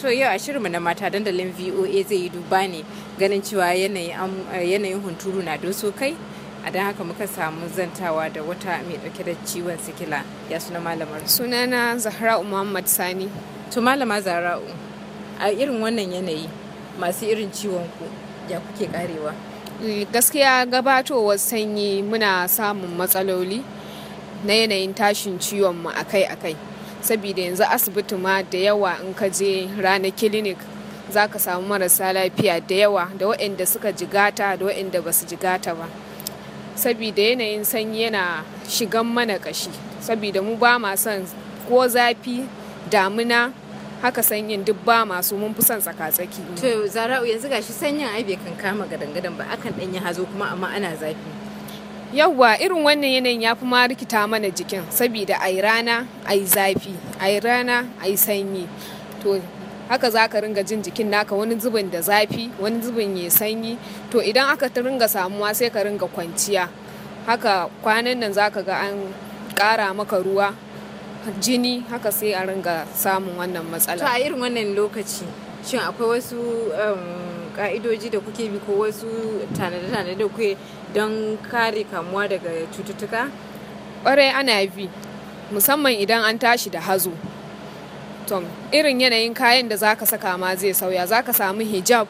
to yau a shirinmu na mata dandalin voa zai yi duba ne ganin cewa yanayin eh, hunturu na doso kai a don haka muka samu zantawa da wata mai dauke da ciwon sikila ya suna malamar sunana zahra'u muhammad sani to malama zahra'u a irin wannan yanayi masu irin ciwon ku ya kuke karewa eh, gaskiya gabatowar sanyi muna samun matsaloli na yanayin tashin ciwon mu akai-akai saboda yanzu asibiti ma da yawa in ka je ranar clinic za ka samu marasa lafiya da yawa da waɗanda suka jigata da waɗanda ba su jigata ba saboda yanayin sanyi yana shigan mana kashi saboda mu ba ma son ko zafi damina haka sanyin duk ba masu mun fi son tsaka-tsaki to zara'u yanzu gashi sanyin ai bai kan kama gadan-gadan ba akan ɗanyi hazo kuma amma ana zafi yawwa irin wannan yanayin ya fi ma rikita mana jikin saboda ai rana ai zafi ai rana ai sanyi to haka za ka ringa jin jikin naka wani zubin da zafi wani zubin ya sanyi to idan aka ringa samuwa sai ka ringa kwanciya haka kwanan nan za ka ga an ƙara maka ruwa jini haka sai a ringa samun wannan matsala. To a irin wannan lokaci shin akwai wasu um, ka'idoji da kuke bi ko wasu tanade-tanade da kuke don kare kamuwa daga cututtuka? Ƙwarai ana bi, musamman idan an tashi da hazo. Tom, irin yanayin kayan da zaka saka ma zai sauya, zaka samu hijab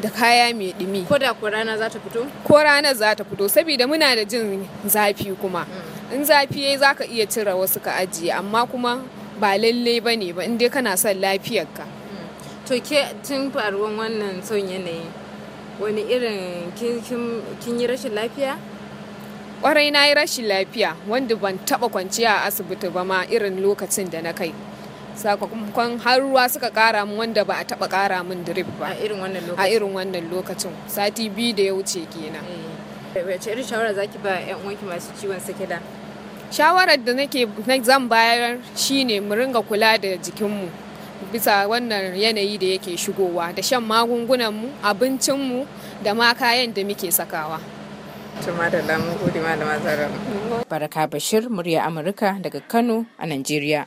da kaya mai ɗumi. Ko da ko rana za ta fito? Ko ranar za ta fito, saboda muna da jin zafi kuma. Mm. In zafi yayi zaka iya cire wasu ka ajiye, amma kuma ba lallai bane ba in dai kana son lafiyarka. to ke tun faruwan wannan son yanayi wani irin kin yi rashin lafiya kwarai na yi rashin lafiya wanda ban taba kwanciya a asibiti ba ma irin lokacin da na kai sakamakon har ruwa suka kara min wanda ba a taba kara min drip ba a irin wannan lokacin sati biyu da ya wuce kenan eh. wace irin shawara zaki ba yan uwanki masu ciwon sikila shawarar da nake zan bayar shine mu ringa kula da jikinmu bisa wannan yanayi da yake shigowa da shan magungunan mu abincin mu da ma kayan da muke sakawa. Baraka Bashir, murya Amurka daga Kano a Najeriya.